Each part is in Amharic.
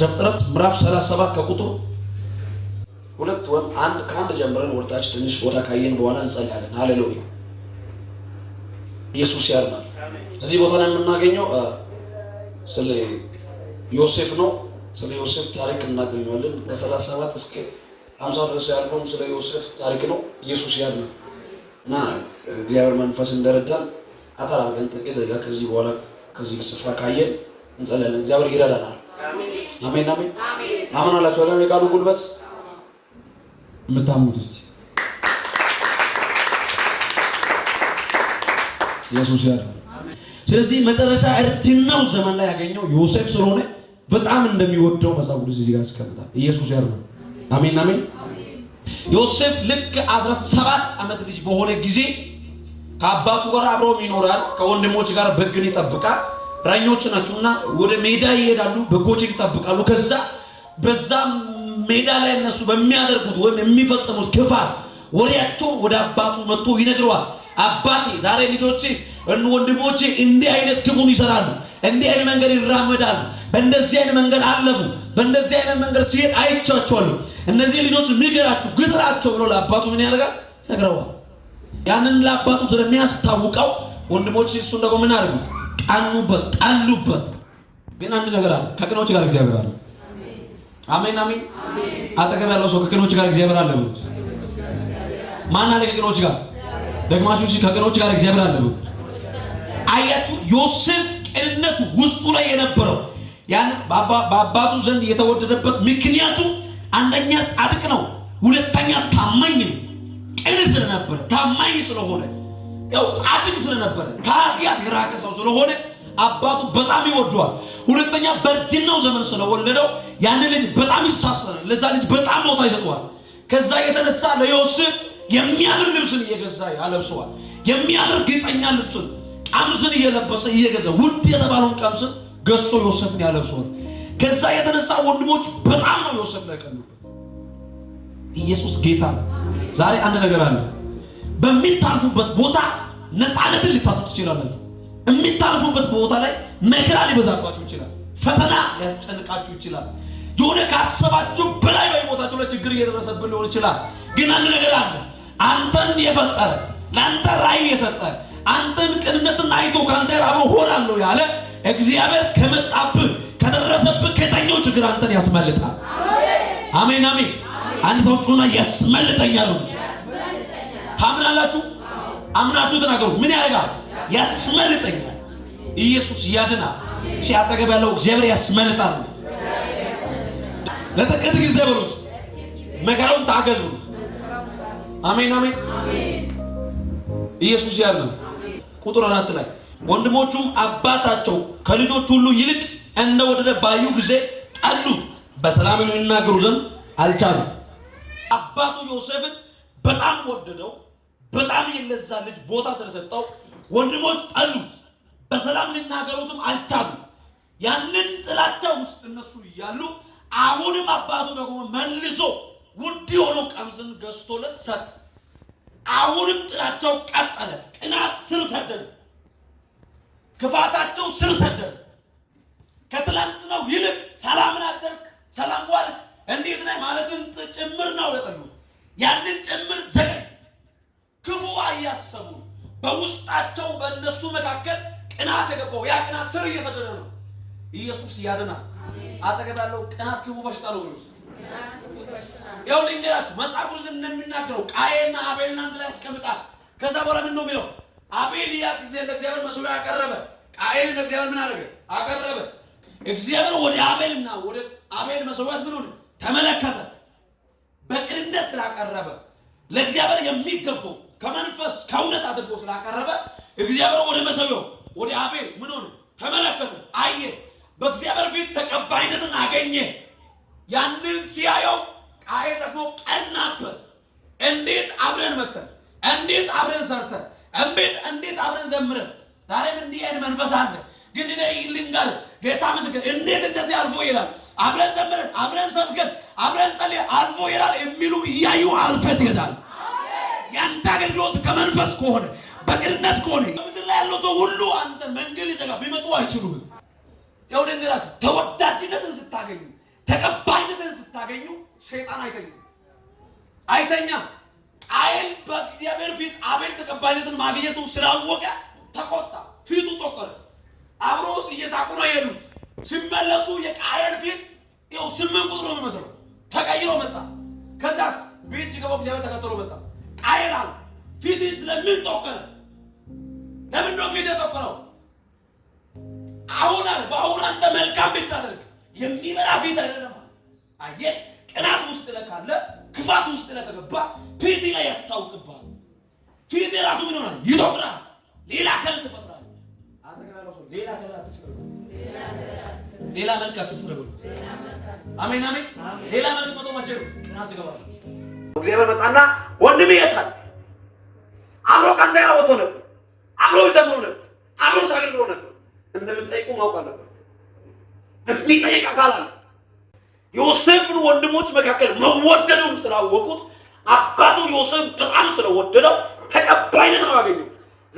ዘፍጥረት ምዕራፍ 37 ከቁጥር ሁለት ወይም አንድ ከአንድ ጀምረን ወደታች ትንሽ ቦታ ካየን በኋላ እንጸልያለን። ሃሌሉያ ኢየሱስ ያድናል። እዚህ ቦታ ላይ የምናገኘው ስለ ዮሴፍ ነው። ስለ ዮሴፍ ታሪክ እናገኘዋለን። ከ37 እስከ 50 ድረስ ያለውም ስለ ዮሴፍ ታሪክ ነው። ኢየሱስ ያድናል። እና እግዚአብሔር መንፈስ እንደረዳን አጠር አድርገን ጥቂት ከዚህ በኋላ ከዚህ ስፍራ ካየን እንጸልያለን። እግዚአብሔር ይረዳናል። አሜን አሜን። ታምናላችሁ አይደል? የቃሉ ጉልበት የምታምኑት እስቲ ኢየሱስ ያለ። ስለዚህ መጨረሻ እርጅናው ዘመን ላይ ያገኘው ዮሴፍ ስለሆነ በጣም እንደሚወደው መጽሐፍ ቅዱስ እዚህ ጋር ያስቀምጣል። ኢየሱስ ያለ። አሜን አሜን። ዮሴፍ ልክ 17 ዓመት ልጅ በሆነ ጊዜ ከአባቱ ጋር አብሮም ይኖራል፣ ከወንድሞች ጋር በግን ይጠብቃል። ራኞች ናቸውና ወደ ሜዳ ይሄዳሉ፣ በጎች ይጠብቃሉ። ከዛ በዛ ሜዳ ላይ እነሱ በሚያደርጉት ወይም የሚፈጽሙት ክፋት ወሬያቸው ወደ አባቱ መጥቶ ይነግረዋል። አባቴ ዛሬ ልጆቼ ወንድሞቼ እንዲህ አይነት ክፉን ይሰራሉ፣ እንዲህ አይነት መንገድ ይራመዳሉ፣ በእንደዚህ አይነት መንገድ አለፉ፣ በእንደዚህ አይነት መንገድ ሲሄድ አይቻቸዋለሁ። እነዚህ ልጆች ምገራችሁ፣ ግጥራቸው ብሎ ለአባቱ ምን ያደርጋል? ይነግረዋል። ያንን ለአባቱ ስለሚያስታውቀው ወንድሞች እሱ ደግሞ ምን አድርጉት ጣሉበት፣ ጣሉበት። ግን አንድ ነገር አለ፣ ከቅኖች ጋር እግዚአብሔር አለ። አሜን አሜን። አጠገብ ያለው ሰው ከቅኖች ጋር እግዚአብሔር አለ ብሉት። ማን አለ ከቅኖች ጋር? ደግማችሁ እሺ፣ ከቅኖች ጋር እግዚአብሔር አለ ብሉት። አያችሁ ዮሴፍ ቅንነቱ ውስጡ ላይ የነበረው ያን በአባቱ ዘንድ የተወደደበት ምክንያቱ አንደኛ ጻድቅ ነው፣ ሁለተኛ ታማኝ ነው። ቅን ስለነበረ ታማኝ ስለሆነ ያው ጻድቅ ስለነበረ ከኃጢአት የራቀ ሰው ስለሆነ አባቱ በጣም ይወደዋል። ሁለተኛ በእርጅናው ዘመን ስለወለደው ያን ልጅ በጣም ይሳሰራል። ለዛ ልጅ በጣም ቦታ ይሰጠዋል። ከዛ የተነሳ ለዮሴፍ የሚያምር ልብስን እየገዛ ያለብሰዋል። የሚያምር ጌጠኛ ልብስን ቀሚስን እየለበሰ እየገዛ ውድ የተባለውን ቀሚስን ገዝቶ ዮሴፍን ያለብሰዋል። ከዛ የተነሳ ወንድሞች በጣም ነው ዮሴፍ ላይ ቀኑበት። ኢየሱስ ጌታ ነው። ዛሬ አንድ ነገር አለ በሚታልፉበት ቦታ ነፃነትን ሊታጡ ትችላላችሁ። የሚታልፉበት ቦታ ላይ መከራ ሊበዛባችሁ ይችላል። ፈተና ሊያስጨንቃችሁ ይችላል። የሆነ ካሰባችሁ በላይ በሕይወታችሁ ላይ ችግር እየደረሰብን ሊሆን ይችላል። ግን አንድ ነገር አለ። አንተን የፈጠረ ለአንተ ራዕይ የሰጠ አንተን ቅንነትን አይቶ ከአንተ ጋር አብሮ ሆናለሁ ያለ እግዚአብሔር ከመጣብህ ከደረሰብህ ከተኛው ችግር አንተን ያስመልጣል። አሜን አሜን። አንድ ሰው ጩና ያስመልጠኛል። ታምናላችሁ? አምናችሁ ተናገሩ። ምን ያደርጋል? ያስመልጠኛል። ኢየሱስ ያድና ሲያጠገብ ያለው እግዚአብሔር ያስመልጣል። ለጥቂት ጊዜ ብሉስ መከራውን ታገዝ ብሉስ። አሜን አሜን። ኢየሱስ ያድና። ቁጥር አራት ላይ ወንድሞቹም አባታቸው ከልጆች ሁሉ ይልቅ እንደወደደ ባዩ ጊዜ ጠሉት፣ በሰላም የሚናገሩ ዘንድ አልቻሉ። አባቱ ዮሴፍን በጣም ወደደው። በጣም የለዛ ልጅ ቦታ ስለሰጠው ወንድሞች ጠሉት፣ በሰላም ልናገሩትም አልቻሉ። ያንን ጥላቻ ውስጥ እነሱ እያሉ አሁንም አባቱ ደግሞ መልሶ ውድ የሆነው ቀምስን ገዝቶለት ሰጠ። አሁንም ጥላቻው ቀጠለ። ቅናት ስር ሰደደ፣ ክፋታቸው ስር ሰደደ። ከትላንትናው ይልቅ ሰላምን አደርግ፣ ሰላም ዋልክ፣ እንዴት ነህ ማለትን ጭምር ነው ያጠሉት። ያንን ጭምር ዘገ ክፉ እያሰቡ በውስጣቸው በእነሱ መካከል ቅናት የገባው ያ ቅናት ስር እየሰደደ ነው። ኢየሱስ ያድናል። አጠገብ ያለው ቅናት ክፉ በሽታ ነው። ያው ልንገራችሁ መጽሐፍ ቅዱስ እንደሚናገረው ቃየና አቤልን አንድ ላይ ያስቀምጣል። ከዛ በኋላ ምን ነው የሚለው? አቤል ያ ጊዜ ለእግዚአብሔር መስዋዕት ያቀረበ፣ ቃየን ለእግዚአብሔር ምን አደረገ? አቀረበ። እግዚአብሔር ወደ አቤልና ወደ አቤል መስዋዕት ምን ሆነ? ተመለከተ። በቅንነት ስላቀረበ ለእግዚአብሔር የሚገባው ከመንፈስ ከእውነት አድርጎ ስላቀረበ እግዚአብሔር ወደ መሰዊያው ወደ አቤል ምን ሆነ ተመለከተ፣ አየ። በእግዚአብሔር ፊት ተቀባይነትን አገኘ። ያንን ሲያየው ቃየ ደግሞ ቀናበት። እንዴት አብረን መተን፣ እንዴት አብረን ሰርተን፣ እንዴት እንዴት አብረን ዘምረን። ዛሬም እንዲህ አይነት መንፈስ አለ። ግን እኔ ልንገርህ ጌታ ምስክር፣ እንዴት እንደዚህ አልፎ ይላል። አብረን ዘምረን፣ አብረን ሰብከን፣ አብረን ጸልየን አልፎ ይላል የሚሉ እያዩ አልፈት ይሄዳል። የአንተ አገልግሎት ከመንፈስ ከሆነ በቅንነት ከሆነ ምድር ላይ ያለው ሰው ሁሉ አንተን መንገድ ይዘጋ ቢመጡ አይችሉም። ያው ልንገራችሁ፣ ተወዳጅነትን ስታገኙ፣ ተቀባይነትን ስታገኙ ሸይጣን አይተኛም አይተኛ ቃየል በእግዚአብሔር ፊት አቤል ተቀባይነትን ማግኘቱ ስላወቀ ተቆጣ። ሲመለሱ የቃየን ፊት ይኸው ስምንት ቁጥሩ ነው የሚመስለው ተቀይሮ መጣ። ከዛስ ቤት ሲገባው እግዚአብሔር ተከትሎ መጣ። ቃየን አለ ፊት ስለምን ጠቆረ? ለምን ነው ፊት የጠቆረው? አሁን አለ በአሁን አንተ መልካም ብታደርግ የሚበላ ፊት አይደለም። አየህ ቅናት ውስጥ ለካለ ክፋት ውስጥ ለተገባ ፊት ላይ ያስታውቅብሃል። ፊት ራሱ ምን ይሆናል? ይጠቁራል። ሌላ ከል ትፈጥራል። አጠቅላላ ሌላ ከል አትፈጥራል ሌላ መልክ አትፍረዱ። አሜን አሜን። ሌላ መልክ መቶ ማቸሩ እና ሲገባሽ? እግዚአብሔር መጣና ወንድም የት አብሮ ካንተ ጋር ወጥቶ ነበር። አብሮ ይዘምሩ ነበር። አብሮ ሳገልግሎ ነበር። እንደምጠይቁ ማውቅ አለበት። የሚጠይቅ አካል አለ። ዮሴፍን ወንድሞች መካከል መወደዱን ስላወቁት አባቱ ዮሴፍ በጣም ስለወደደው ተቀባይነት ነው ያገኘው።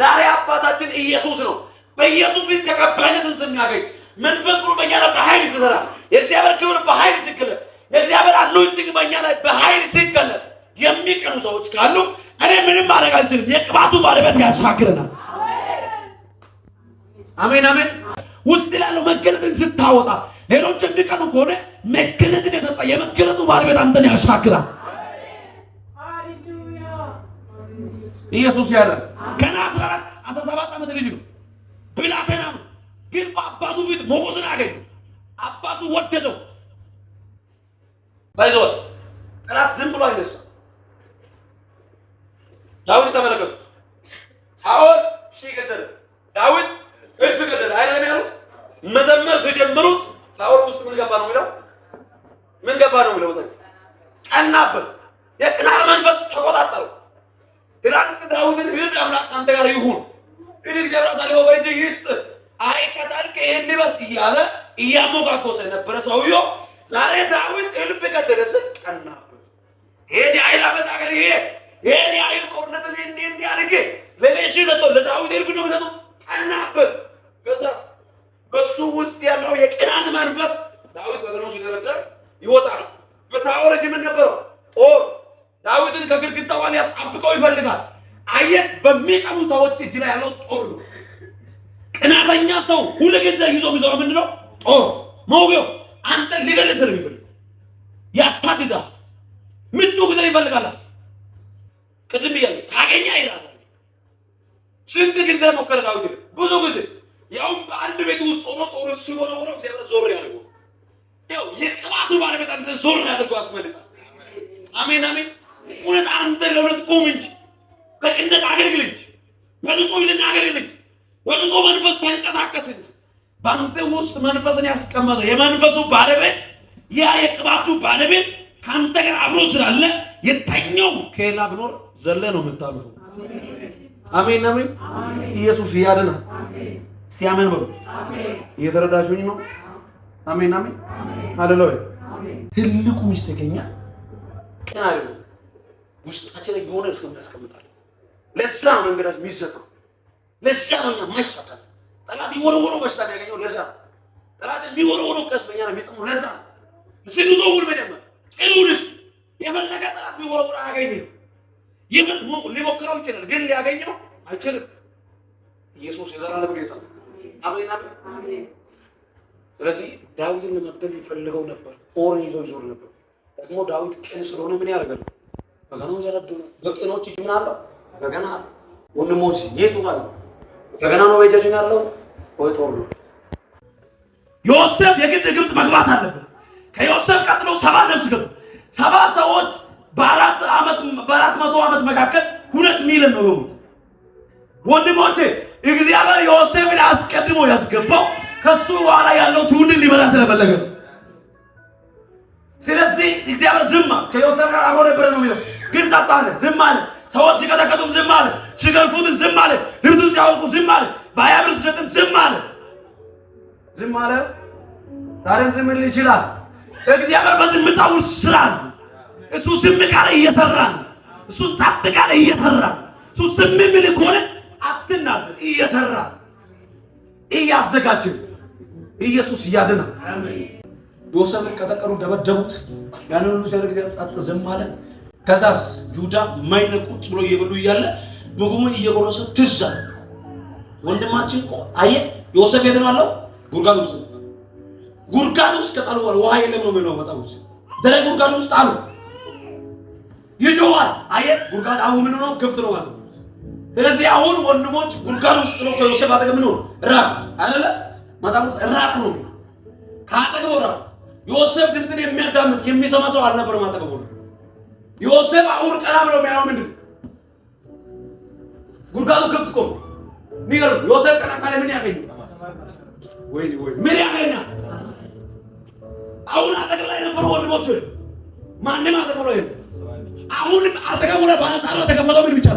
ዛሬ አባታችን ኢየሱስ ነው። በኢየሱስ ፊት ተቀባይነትን ስናገኝ መንፈስ ቅዱስ በእኛ ላይ በኃይል ሲሰራ የእግዚአብሔር ክብር በኃይል ሲገለጥ የእግዚአብሔር አኖይንቲንግ በእኛ ላይ በኃይል ሲገለጥ የሚቀኑ ሰዎች ካሉ እኔ ምንም ማድረግ አልችልም። የቅባቱ ባለቤት ያሻግረናል። አሜን አሜን። ውስጥ ላለው መገለጥን ስታወጣ ሌሎች የሚቀኑ ከሆነ መገለጥን የሰጠ የመገለጡ ባለቤት አንተን ያሻግራል። ኢየሱስ ያለ ገና 14 17 ዓመት ልጅ ነው ብላቴና ነው ግን በአባቱ ፊት ሞገስን አገኘ። አባቱ ወደደው። ባይዘወት ጠላት ዝም ብሎ አይነሳ። ዳዊት ተመለከቱ። ሳኦል ሺ ገደለ፣ ዳዊት እልፍ ገደለ። አይደለም ያሉት መዘመር ሲጀምሩት ሳኦል ውስጥ ምን ገባ ነው የሚለው? ምን ገባ ነው የሚለው? ቀናበት። የቅናት መንፈስ ተቆጣጠረው። ትናንት ዳዊትን ሂድ፣ አምላክ አንተ ጋር ይሁን፣ ሂድ፣ እግዚአብሔር አሳልፎ በእጅ ይስጥ አይ ከቻልክ ይህን ልበስ እያለ እያሞጋጎሰ የነበረ ሰውዮ ዛሬ ዳዊት እልፍ ከደረሰ ቀናበት። ይህን የአይል አመት አገር ይሄ ይህን የአይል ጦርነትን እንዲህ እንዲህ አድርጌ ለሌሽ ሰጠ ለዳዊት እልፍ ነው ሰጡ ቀናበት። ከዛ በሱ ውስጥ ያለው የቅናት መንፈስ ዳዊት በገኖ ሲደረደር ይወጣል። በሳኦል እጅ ምን ነበረው ጦር ዳዊትን ከግድግዳው ላይ ያጣብቀው ይፈልጋል። አየ በሚቀሙ ሰዎች እጅ ላይ ያለው ጦር ሰው ሁልጊዜ ይዞ የሚዞረው ምንድን ነው? ጦር መውጊያው አንተ ሊገልጽ ነው የሚፈልግ ያሳድዳል። ምቹ ጊዜ ይፈልጋል። ቅድም እያለ ካገኛ ይላል። ስንት ጊዜ ሞከረ ዳዊት፣ ብዙ ጊዜ ያውም በአንድ ቤት ውስጥ ሆኖ ጦር ሲወረወረው እግዚአብሔር ዞር ያደርገው። ያው የቅባቱ ባለቤት አንተ ዞር ያደርገው ያስፈልጋል። አሜን አሜን። እውነት አንተ ለእውነት ቁም እንጂ በቅነት አገልግል እንጂ በንጹህ ልናገር እንጂ በብዙ መንፈስ ተንቀሳቀስ እንጂ በአንተ ውስጥ መንፈስን ያስቀመጠ የመንፈሱ ባለቤት ያ የቅባቱ ባለቤት ከአንተ ጋር አብሮ ስላለ የተኛው ከሌላ ብኖር ዘለ ነው የምታልፈው። አሜን አሜን። ኢየሱስ ያድናል። ሲያመን በሉ እየተረዳችሁኝ ነው? አሜን አሜን። ሃሌሉያ። ትልቁ ሚስተከኛ ቀና ውስጣችን የሆነ እሱ እናስቀምጣለን። ለዛ ነው መንገዳችን የሚዘጋው። ለዛ ነው እኛ ማይሳካ ጠላት ይወረወሩ በሽታ የሚያገኘው ለዛ ነው። ጠላት የሚወረወሩ ቀስ በኛ ነው የሚጽሙ ለዛ ነው። ስንዘውር መጀመር ቅሉንስ የፈለገ ጠላት ቢወረወር አያገኝም። ሊሞክረው ይችላል፣ ግን ሊያገኘው አይችልም። ኢየሱስ የዘላለም ጌታ ነው። ስለዚህ ዳዊትን ለመግደል ይፈልገው ነበር። ጦርን ይዞ ይዞር ነበር። ደግሞ ዳዊት ቅን ስለሆነ ምን ያደርጋል? በገናው ዘረብ በቅኖች ይጅምናለሁ በገና ወንድሞች የቱ ጋር ነው በገና ነው በእጃችን ያለው ወይ ጦር ነው? ዮሴፍ የግድ ግብፅ መግባት አለበት። ከዮሴፍ ቀጥሎ ሰባ ነፍስ ገቡ። ሰባ ሰዎች በአራት ዓመት በአራት መቶ ዓመት መካከል ሁለት ሚሊዮን ነው የሞቱት። ወንድሞቼ እግዚአብሔር ዮሴፍን አስቀድሞ ያስገባው ከሱ በኋላ ያለው ትውልድ ሊበላ ስለፈለገ ነው። ስለዚህ እግዚአብሔር ዝም አለ። ከዮሴፍ ጋር አብሮ ነበረ ነው የሚለው ግን ጸጥ አለ፣ ዝም አለ። ሰዎች ሲቀጠቀጡም ዝም አለ፣ ሲገርፉትም ዝም አለ፣ ልብሱን ሲያወልቁ ዝም አለ፣ በሀያ ሲሰጥም ዝም አለ። ዝም አለ። ዛሬም ዝም ሊል ይችላል። እግዚአብሔር በዝምታ ውስጥ ስራ ነው። እሱ ዝም ካለ እየሰራ ነው። እሱ ጸጥ ካለ እየሰራ እሱ ዝም የሚል ከሆነ አትናት እየሰራ እያዘጋጀ ኢየሱስ እያድና ዮሴፍን ቀጠቀሩ፣ ደበደቡት። ያንን ሁሉ ሲያደርግ ጸጥ ዝም አለ። ከዛስ ይሁዳ ማይነቅ ቁጭ ብሎ እየበሉ እያለ ምግቡን እየቆረሰ ትዝ አለ። ወንድማችን አየ አየህ ዮሴፍ የት ነው አለው? ጉድጓድ ውስጥ ጉድጓድ ውስጥ ከጣሉ በኋላ ውሃ የለም ነው የሚለው መጽሐፍ ውስጥ ደረቅ ጉድጓድ ውስጥ ጣሉ። ይጮሃል። አየህ ጉድጓድ አሁን ምን ነው ክፍት ነው ማለት ነው። ስለዚህ አሁን ወንድሞች ጉድጓድ ውስጥ ነው ከዮሴፍ አጠገብ ነው ራቅ አይደለ መጽሐፍ ውስጥ ራቅ ነው ከአጠገቡ ራቅ ዮሴፍ ድምፅን የሚያዳምጥ የሚሰማ ሰው አልነበረም አጠገቡ ነው ዮሴፍ አሁን ቀና ብሎ የሚያየው ምንድን ጉድጓዱ ክፍት እኮ ንገሩ። ዮሴፍ ቀና ካለ ምን ያገኛል? ወይ ወይ ምን ያገኛል? አሁን አጠገብ ላይ የነበሩ ወንድሞች ማንም አጠገብ ላይ አሁንም አጠገቡ ላይ በአንጻሩ የተከፈተው ምን ብቻ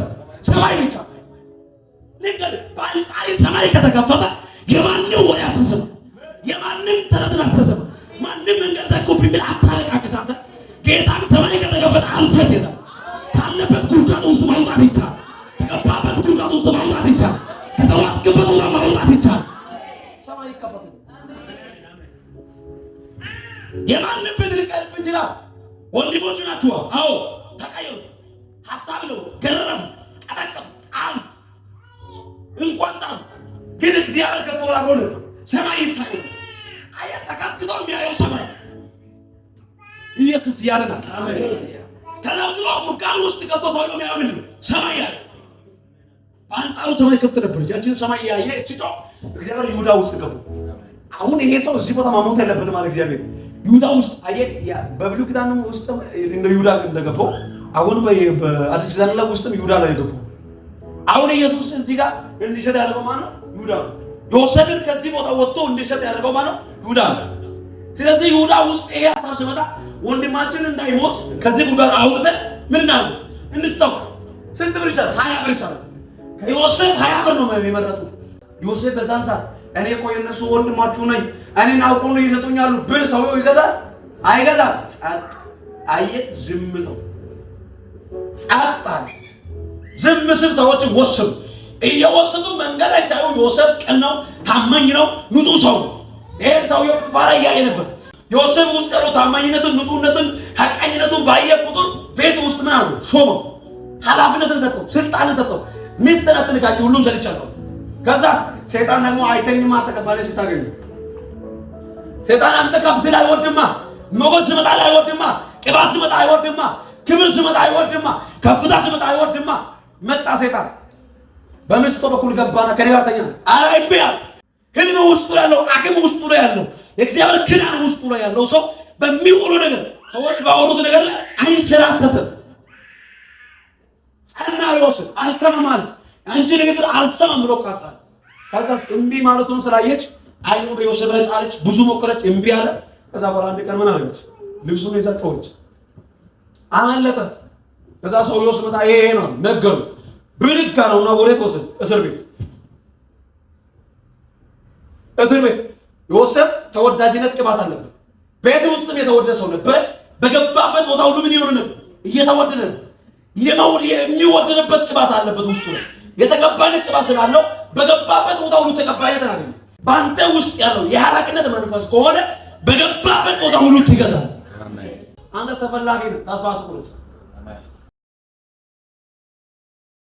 ሰማይ ብቻ ልንገር። በአንጻሪ ሰማይ ከተከፈተ የማንም ወሬ አትሰማ፣ የማንም ተረትን አትሰማ፣ ማንም መንገድ ዘጉብኝ ብለህ አታለቃቅሳት ጌታ ሰማይ ከተከፈተ አልፈት ይላል። ካለበት ጉድጓድ ውስጥ ማውጣት ይቻል። ከገባበት ጉድጓድ ውስጥ ማውጣት ከተዋጥክበት ቦታ ማውጣት ሰማይ ይከፈት። የማንም ፊት ሊቀርብ ይችላል። ወንድሞቹ ናችሁ። አዎ ተቀየሩ። ሀሳብ ነው። ገረፉ፣ ቀጠቀጡ፣ እንኳን ጣሉ። ግን እግዚአብሔር ከሶላ ሆነ ሰማይ ይታዩ። አየህ ተቀጥቅጦ የሚያየው ሰማይ ኢየሱስ ያለናል። ተዘርዝሮ ቁርቃን ውስጥ ገብቶ ሰው የሚያምን ሰማይ ያለ በአንጻሩ ሰማይ ክፍት ነበረች። ያችን ሰማይ ያየ ሲጮ እግዚአብሔር ይሁዳ ውስጥ ገቡ። አሁን ይሄ ሰው እዚህ ቦታ ማሞት ያለበት ማለት እግዚአብሔር ይሁዳ ውስጥ አየ። በብሉ ኪዳን ውስጥ እንደ ይሁዳ እንደገባው አሁን በአዲስ ኪዳን ላይ ውስጥም ይሁዳ ላይ የገባው አሁን ኢየሱስ እዚህ ጋር እንዲሸጥ ያደረገው ማነው? ይሁዳ ነው። የወሰድን ከዚህ ቦታ ወጥቶ እንዲሸጥ ያደረገው ማነው? ይሁዳ ነው። ስለዚህ ይሁዳ ውስጥ ይሄ ሀሳብ ሲመጣ ወንድማችን እንዳይሞት ከዚህ ጉዳት አውጥተ ምን እናድርግ እንድትጠቁ ስንት ብር ይሻላል? ሀያ ብር ይሻላል። ዮሴፍ ሀያ ብር ነው የመረጡት። ዮሴፍ በዛን ሰዓት እኔ እኮ የእነሱ ወንድማችሁ ነኝ፣ እኔን አውቆ ነው ይሰጡኛሉ ብል ሰው ይገዛል አይገዛም? ጸጥ አየ ዝምተው ጸጥ አለ። ዝም ስል ሰዎች ወስም እየወሰዱ መንገድ ላይ ሳይሆን ዮሴፍ ቅን ነው፣ ታማኝ ነው፣ ንጹህ ሰው ነው። ይሄን ሰውዬው ጲጥፋራ እያየ ነበር። ዮሴፍ ውስጥ ያለው ታማኝነትን፣ ንጹህነትን፣ ሐቀኝነቱን ባየ ቁጥር ቤት ውስጥ ምን አሉ ሾመው፣ ኃላፊነትን ሰጠው፣ ስልጣንን ሰጠው። ሚስት አትንካኝ፣ ሁሉም ሰልቻለሁ። ከዛ ሰይጣን ደግሞ አይተኝማ ተቀባለ ስታገኙ ሰይጣን አንተ ከፍ ስል አይወድማ፣ ሞገስ ስመጣ አይወድማ፣ ቅባት ስመጣ አይወድማ፣ ክብር ስመጣ አይወድማ፣ ከፍታ ስመጣ አይወድማ። መጣ ሰይጣን በሚስቶ በኩል ገባና ከኔ ጋር ተኛ አይ ቢያ ህልም ውስጡ ያለው አቅም ውስጡ ነው ያለው የእግዚአብሔር ክዳን ውስጡ ነው ያለው ሰው በሚሆኑ ነገር ሰዎች ባወሩት ነገር ላይ አይንሸራተትም። አናሪዎስ አልሰማ ማለት አንቺ ንግግር አልሰማም ብሎ ቃጣል። ከዛ እምቢ ማለቱን ስላየች አይኑ በዮሴፍ ላይ ጣለች። ብዙ ሞከረች፣ እምቢ አለ። ከዛ በኋላ አንድ ቀን ምን አለች? ልብሱን ይዛ ጮኸች፣ አመለጠ። ከዛ ሰውየው መጣ ይሄ ነው ነገሩ ነው አለውና ወዴት ወሰድ እስር ቤት እስር ቤት ዮሴፍ ተወዳጅነት ቅባት አለበት። ቤት ውስጥም የተወደደ ሰው ነበረ። በገባበት ቦታ ሁሉ ምን ይሆን ነበር? እየተወደደ ነበር። የሚወደድበት ቅባት አለበት ውስጡ ነው። የተቀባይነት ቅባት ስላለው በገባበት ቦታ ሁሉ ተቀባይነት አገኘ። በአንተ ውስጥ ያለው የኃላፊነት መንፈስ ከሆነ በገባበት ቦታ ሁሉ ትገዛል። አንተ ተፈላጊ ነህ። ተስፋ ትቁረጥ።